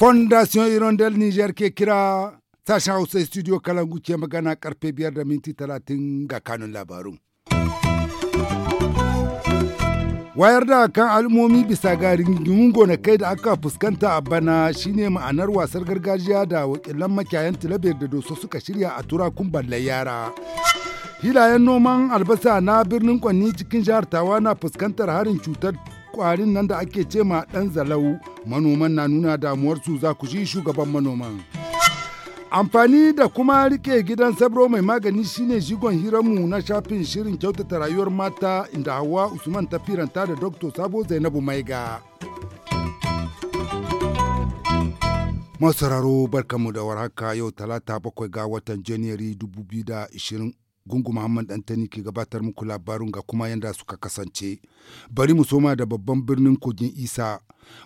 Fondation Hirondelle Niger ke kira sashen Hausa studio Kalangu ke karpe karfe biyar da minti talatin ga kanun labarun. wayar da kan al'ummomi bisa ga rigingimin gonakai da aka fuskanta a bana shine ma'anar wasar gargajiya da wakilan makiyayan tilabiyar da doso suka shirya a turakun ballar yara hilayen noman albasa na birnin kwanni cikin jihar tawa na fuskantar harin cutar kwarin nan da ake ce ma ɗan zalau manoman na nuna damuwarsu za ku ji shugaban manoman. Amfani da kuma rike gidan sabro mai magani shine jigon hiranmu na shafin shirin kyautata rayuwar mata inda Hawa Usman ta firanta da Dr. Sabo Zainabu Maiga. Masararo barkanmu da warhaka yau talata bakwai ga watan Janairu 2020 Gungu Muhammad Dantani ke gabatar muku labarun ga kuma yadda suka kasance. Bari mu soma da babban birnin kogin Isa.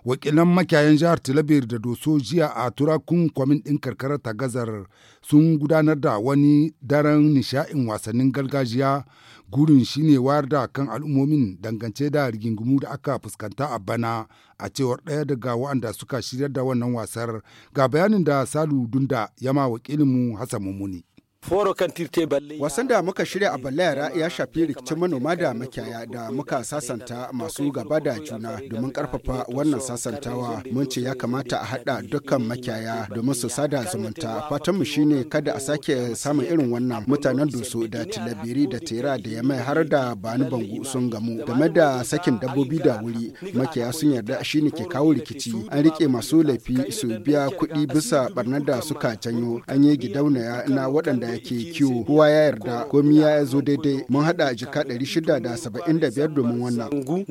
Wakilan makiyayan jihar Tilabir da Doso jiya a turakun kwamin ɗin karkarar gazar sun gudanar da wani daren nishain wasannin gargajiya gurin shine wayar da kan al'ummomin dangance da rigingimu da aka fuskanta a bana a cewar ɗaya daga waɗanda suka shiryar da wannan wasar ga bayanin da Salu Dunda ma wakilinmu Hassan mummuni Wasan da muka shirya a Balayara ya shafi rikicin manoma da makiyaya da muka sasanta masu gaba da juna domin karfafa wannan sasantawa. Mun ce ya kamata a haɗa dukkan makiyaya domin su sada zumunta. Fatanmu shine kada a sake samun irin wannan mutanen dusu da tilabiri da tera da yamai har da bani bangu sun gamu. Game da sakin dabbobi da wuri makiyaya sun yarda shine ke kawo rikici. An rike masu laifi su biya kuɗi bisa barnar da suka janyo. An yi gidaunaya na waɗanda ake kiwo kowa ya yarda komi ya zo daidai mun haɗa jika 675 domin wannan.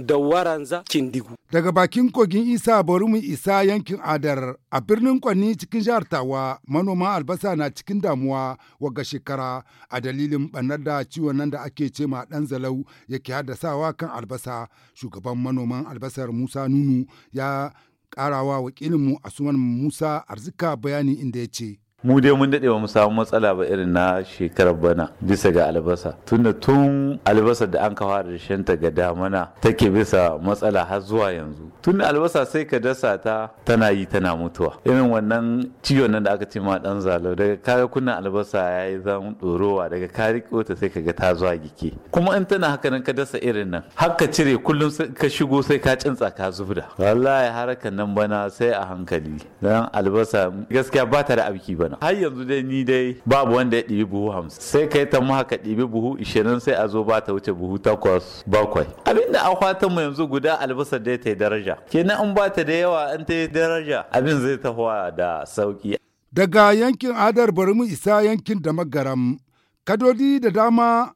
Daga bakin kogin Isa bari mu isa yankin Adar a birnin Kwanni cikin jihar Tawa manoman albasa na cikin damuwa waga shekara a dalilin banar da ciwon nan da ake ce ma dan zalau yake haddasawa kan albasa shugaban manoman albasar Musa Nunu ya ƙarawa wakilinmu suman Musa Arzika bayani inda ya ce. mu dai mun daɗe ba mu samu matsala ba irin na shekarar bana bisa ga albasa tunda tun albasa da an kawo da ta ga mana take bisa matsala har zuwa yanzu tun albasa sai ka dasa ta tana yi tana mutuwa irin wannan ciwon nan da aka ce ma dan zalo daga kaga kunnan albasa yayi zan ɗorowa daga ka ta sai ka ta zuwa gike kuma in tana haka nan ka dasa irin nan har ka cire kullum ka shigo sai ka cintsa ka zubda wallahi harakan nan bana sai a hankali dan albasa gaskiya ba ta da abiki bana har yanzu dai ni dai babu wanda ya ɗibi buhu hamsin sai kai ta mu haka ɗibi buhu ishirin sai a zo ba ta wuce buhu takwas bakwai abinda a mu yanzu guda albasa dai ta yi daraja kenan in ba ta da yawa an ta yi daraja abin zai tahowa da sauki. daga yankin adar bari mu isa yankin da magaram kadodi da dama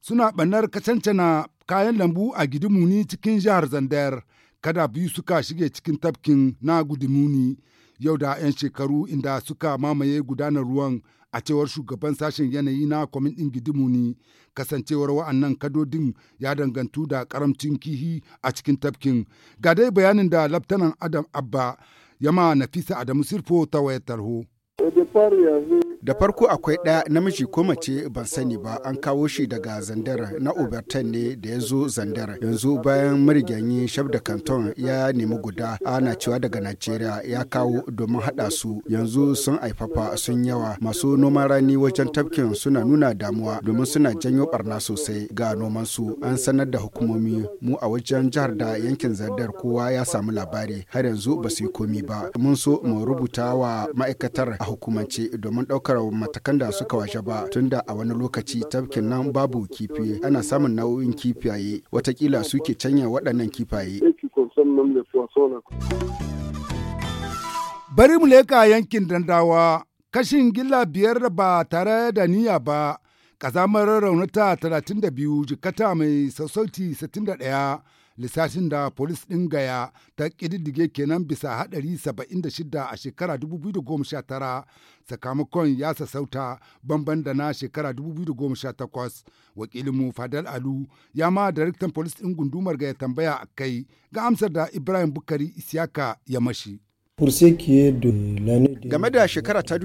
suna ɓannar kacancana kayan lambu a gidimuni cikin jihar zandar kada biyu suka shige cikin tafkin na gudumuni yau da 'yan shekaru inda suka mamaye gudanar ruwan a cewar shugaban sashen yanayi na kwamin ɗin gidimuni kasancewar wa'annan kadodin ya dangantu da karamcin kihi a cikin tafkin ga dai bayanin da laftanan adam abba yama nafisa adamu sirfo ta wayar tarho Da farko akwai ɗaya namiji ko mace ban sani ba an kawo shi daga Zandar na Obertan ne da ya zo Zandar. Yanzu bayan marigayi Shaf da Canton ya nemi guda ana cewa daga Najeriya ya kawo domin haɗa su yanzu sun aifafa sun yawa masu noman rani wajen tafkin suna nuna damuwa domin suna janyo barna sosai ga noman su an sanar da hukumomi mu a wajen jihar da yankin Zandar kowa ya samu labari har yanzu ba su yi komi ba mun so mu rubuta wa ma'aikatar a hukumance domin ɗaukar ɗaukar matakan da suka washe ba tunda a wani lokaci tafkin nan babu kifi ana samun nau'in kifaye watakila suke canya waɗannan kifaye. Bari mu leka yankin dandawa kashin gilla biyar ba tare da niyya ba, ƙazamar raunata 32 jikata mai sassauti 61 lissafin da polis ɗin gaya ta ƙididdige kenan bisa haɗari 76 a shekara 2019 sakamakon ya sassauta bamban da na shekara 2018 wakilinmu fadal alu ya ma daraktan polis ɗin gundumar gaya tambaya a kai ga amsar da ibrahim bukari isiyaka ya mashi. Game da shekara ta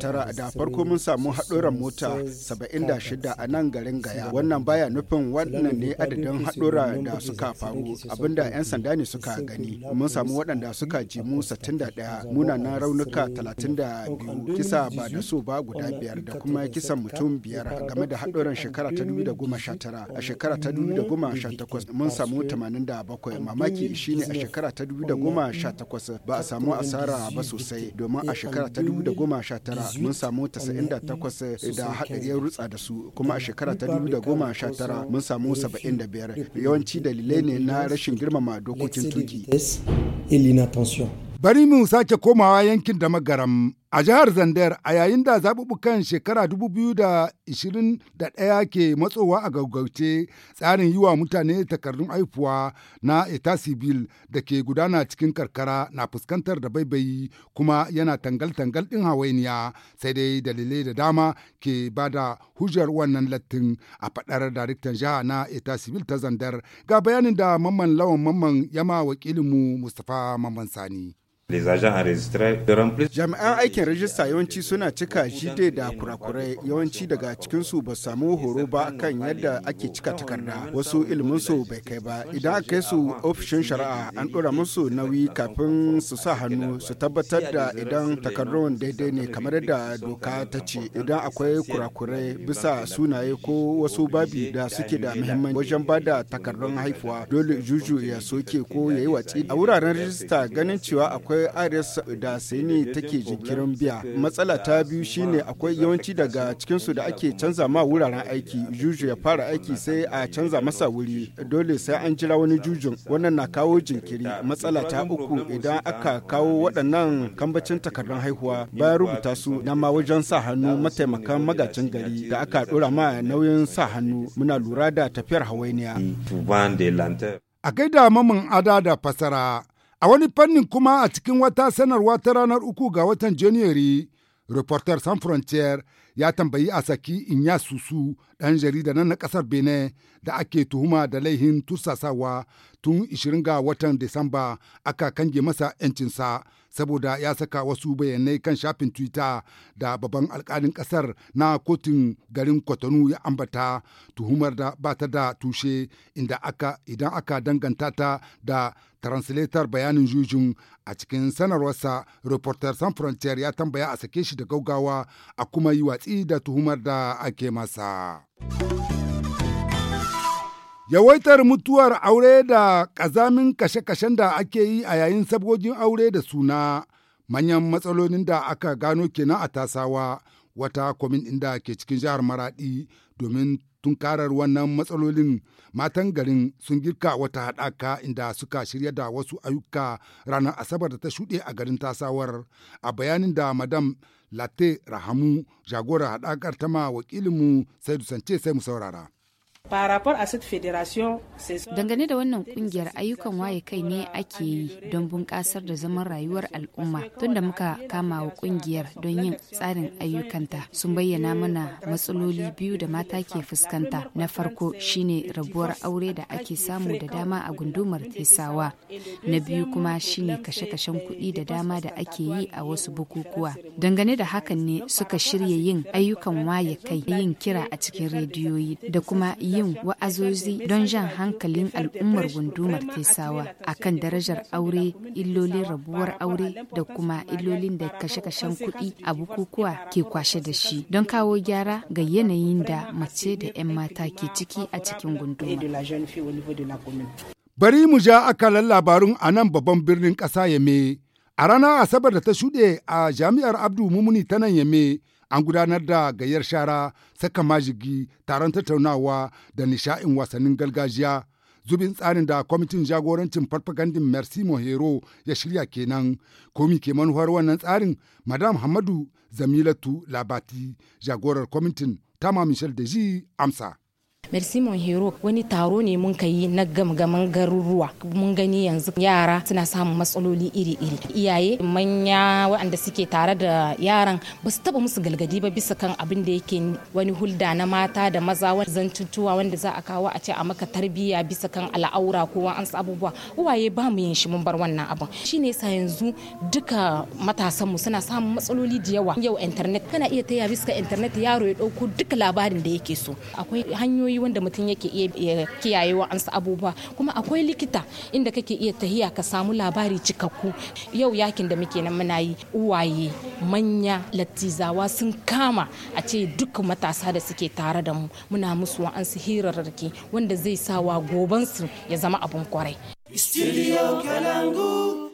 tara da farko mun samu haɗuran mota 76 a nan garin Gaya. Wannan baya nufin wannan ne adadin haɗura da suka faru abinda 'yan sanda ne suka gani. Mun samu waɗanda suka jimu 61 munanan raunuka 32 kisa ba da so ba guda biyar da kuma kisan mutum biyar game da haɗuran shekara ta tara. A shekara ta takwas mun samu 87 mamaki shine a shekara ta takwas ba samu asara ba sosai domin a shekara ta 2019 mun samu 98 da haɗari ya rutsa da su kuma a shekara ta 2019 mun samu 75 yawanci dalilai ne na rashin girmama dokokin tuki. Bari mu sake komawa yankin da magaram A jihar Zandar a yayin da zaɓuɓɓukan shekara 2021 ke matsowa a gaugauce tsarin yi wa mutane takardun haifuwa na eta civil da ke gudana cikin karkara na fuskantar da baibayi kuma yana tangal-tangal ɗin hawainiya sai dai dalilai da dama ke ba da hujjar wannan lattin a faɗar daraktan jiha na eta civil ta Zandar ga bayanin da mamman lawan mamman yama wakilinmu Mustapha Mamman Sani. Jami'an aikin rajista yawanci suna cika shi da kurakurai yawanci daga cikin su ba samu horo ba kan yadda ake cika takarda wasu ilminsu bai kai ba idan aka su ofishin shari'a an ɗora musu nauyi kafin su sa hannu su tabbatar da idan takardun daidai ne kamar da doka ta ce idan akwai kurakurai bisa sunaye ko wasu babi da suke da muhimmanci wajen ba da takardun haifuwa dole juju ya soke ko ya yi watsi a wuraren rajista ganin cewa akwai irs da sini take jinkirin biya matsala ta biyu shine akwai yawanci daga cikinsu da ake canza ma wuraren aiki juju ya fara aiki sai a canza masa wuri dole sai an jira wani jujun wannan na kawo jinkiri matsala ta uku idan aka kawo waɗannan kambacin takardun haihuwa bayan rubuta su na ma wajen sa hannu mataimakan magajin gari da aka ɗora ma nauyin sa hannu muna lura da tafiyar hawainiya a gaida mamin ada da fasara A wani fannin kuma a cikin wata sanarwa ta ranar uku ga watan Janairu, Reporter San Frontier ya tambayi a saki ya Susu ɗan jarida na ƙasar bene da ake tuhuma da laihin tursasawa tun 20 ga watan Disamba aka kange masa 'yancinsa saboda ya saka wasu bayanai kan shafin Twitter da babban alkalin ƙasar na kotun garin Kwatano ya ambata tuhumar da ba ta da tushe inda aka idan aka danganta ta da translator bayanin jujun a cikin sanarwarsa reporter san frontier ya tambaya a sake shi da gaugawa a kuma yi watsi da tuhumar da ake masa. Yawaitar mutuwar aure da ƙazamin kashe-kashen da ake yi a yayin sabgogin aure da suna manyan matsalolin da aka gano kenan a tasawa wata kwamin inda ke cikin jihar Maraɗi domin tunkarar wannan matsalolin matan garin sun girka wata haɗaka inda suka shirya da wasu ayyuka ranar asabar da ta shuɗe a garin tasawar a bayanin da madam latte rahamu jagorar haɗakar tama wakilinmu sai dusance sai mu saurara. Dangane da wannan kungiyar ayyukan waye kai ne ake yi don bunƙasar da zaman rayuwar al'umma tunda muka kama wa kungiyar don yin tsarin ayyukanta sun bayyana mana matsaloli biyu da mata ke fuskanta na farko shine rabuwar aure da ake samu da dama a gundumar tesawa na biyu kuma shine kashe-kashen kuɗi da dama da ake yi a wasu bukukuwa dangane da hakan ne suka shirya yin ayyukan waye kai yin kira a cikin rediyoyi da kuma yin yin wa'azozi don jan hankalin al'ummar gundumar tesawa akan darajar aure illolin rabuwar aure da kuma illolin da kashe-kashen kuɗi a bukukuwa ke kwashe da shi don kawo gyara ga yanayin da mace da 'yan mata ke ciki a cikin gunduma. Bari mu ja akalan labarun a nan babban birnin ƙasa Yame. A ranar Asabar da ta shuɗe a Jami'ar Abdu Mumuni ta nan Yame, an gudanar da gayyar shara saka majigi taron tattaunawa da nisha'in wasannin gargajiya zubin tsarin da kwamitin jagorancin farfagandin merci mohero ya shirya kenan komi ke manuwar wannan tsarin madam hamadu zamilatu labati jagorar kwamitin tama michel deji amsa merci mon hero wani taro ne mun kai na gamgaman garuruwa mun gani yanzu yara suna samun matsaloli iri-iri iyaye manya waɗanda suke tare da yaran ba su taba musu galgadi ba bisa kan abin da yake wani hulda na mata da maza zantuntuwa wanda za a kawo a ce a maka tarbiyya bisa kan al'aura ko an abubuwa uwaye ba mu yin shi mun bar wannan abin shine yasa yanzu duka matasan mu suna samun matsaloli da yawa yau internet kana iya taya bisa internet yaro ya dauko duka labarin da yake so akwai hanyoyi wanda mutum yake iya wa ansa abubuwa kuma akwai likita inda kake iya tahiya ka samu labari cikakku yau yakin da muke nan muna yi uwaye manya latizawa sun kama a ce duk matasa da suke tare da mu muna musu wa'ansu hirarraki wanda zai sa sawa gobansu ya zama abin kwarai. Studio Kalangu.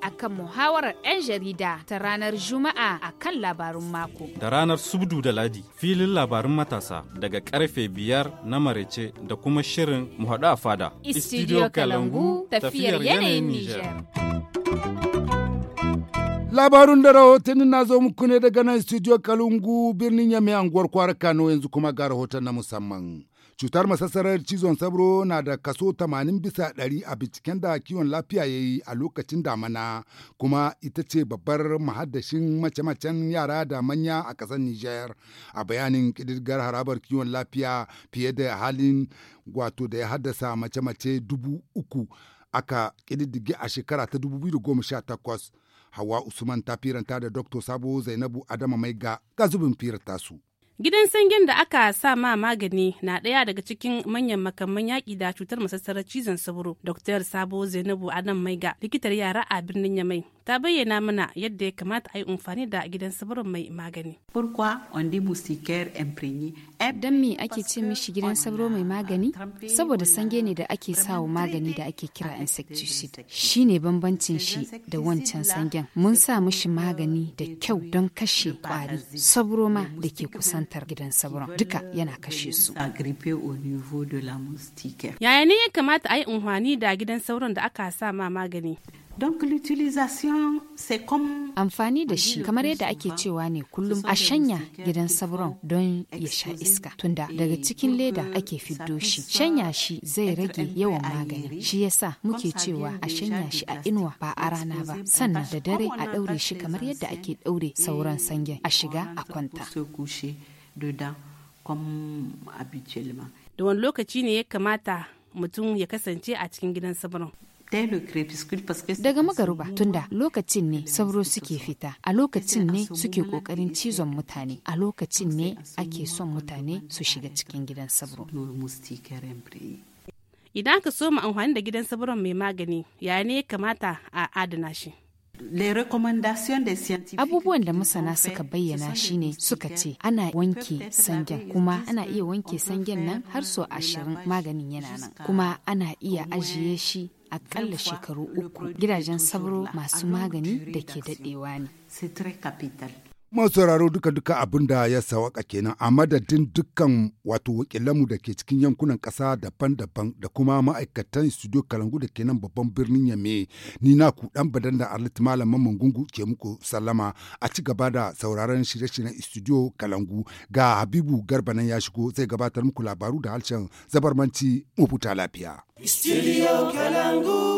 akan muhawarar 'yan jarida ta ranar Juma'a a kan labarun mako. Da ranar Subdu da Ladi filin labarun matasa daga karfe biyar na marece da kuma shirin muhaɗu a fada. Istidiyo Kalangu tafiyar yanayin Nijar. Labarun da rahotannin na zo muku ne daga nan Studio Kalungu birnin Yamai anguwar kwara Kano yanzu kuma ga rahoton na musamman. Cutar masassarar cizon sabro na da kaso 80 bisa 100 a binciken da kiwon lafiya ya yi a lokacin damana kuma ita ce babbar mahaddashin mace-macen yara da manya a kasar niger a bayanin ƙididgar harabar kiwon lafiya fiye da halin wato da ya haddasa mace-mace dubu uku aka ƙididdige a shekara ta 2018. Hawa Usman ta firanta da Dr. Sabo Zainabu Adama mai ga zubin firar tasu. Gidan sangen da aka sa ma magani na ɗaya daga cikin manyan makamman yaƙi da cutar masassarar cizon sauro. Dr. Sabo Zainabu Adam Maiga, likitar yara a birnin Yamai, ta bayyana mana yadda ya kamata a yi amfani da gidan sauro mai magani. Eh, don me ake ce mishi gidan sauro mai magani? Saboda sange ne da ake sawa magani da ake kira insecticide. Shi ne bambancin shi da wancan sangen. Mun sa mishi magani da kyau don kashe kwari, sauro ma da ke kusan makarantar gidan sauron duka yana kashe su. Yaya ne ya kamata a yi unhwani da gidan sauron da aka sa ma magani? Donc l'utilisation c'est comme amfani da shi kamar yadda ake cewa ne kullum a shanya gidan sabron don ya sha iska tunda daga cikin leda euh, ake fiddo shi shanya shi zai rage yawan magani shi yasa muke cewa a shanya shi a inuwa ba a rana ba sannan da dare a daure shi kamar yadda ake daure sauran sangen a shiga a kwanta dedans habituellement. Da wani lokaci ne ya kamata mutum ya kasance a cikin gidan sabron? Daga magaruba tunda lokacin ne sauro suke fita, a lokacin ne suke kokarin cizon mutane, a lokacin ne ake son mutane su shiga cikin gidan sabro. Idan aka so mu amfani da gidan sabron mai magani, ya ne kamata a adana shi? Abubuwan da masana suka bayyana shine suka ce ana wanke sangen kuma ana iya wanke sangen nan har so ashirin maganin yana nan kuma ana iya ajiye shi akalla shekaru uku gidajen sabro masu magani da ke dadewa ne. sauraro duka-duka abin da ya sawaka kenan a madadin dukkan wato wakilanmu da ke cikin yankunan ƙasa daban-daban da kuma ma'aikatan studio kalangu da kenan babban birnin yame ni na ku dan badan da arlit malaman mangungu ke muku sallama a ci gaba da sauraron shirye-shiryen studio kalangu ga habibu garba nan ya shigo zai gabatar muku labaru da harshen zabarmanci mu lafiya. Studio Kalangu.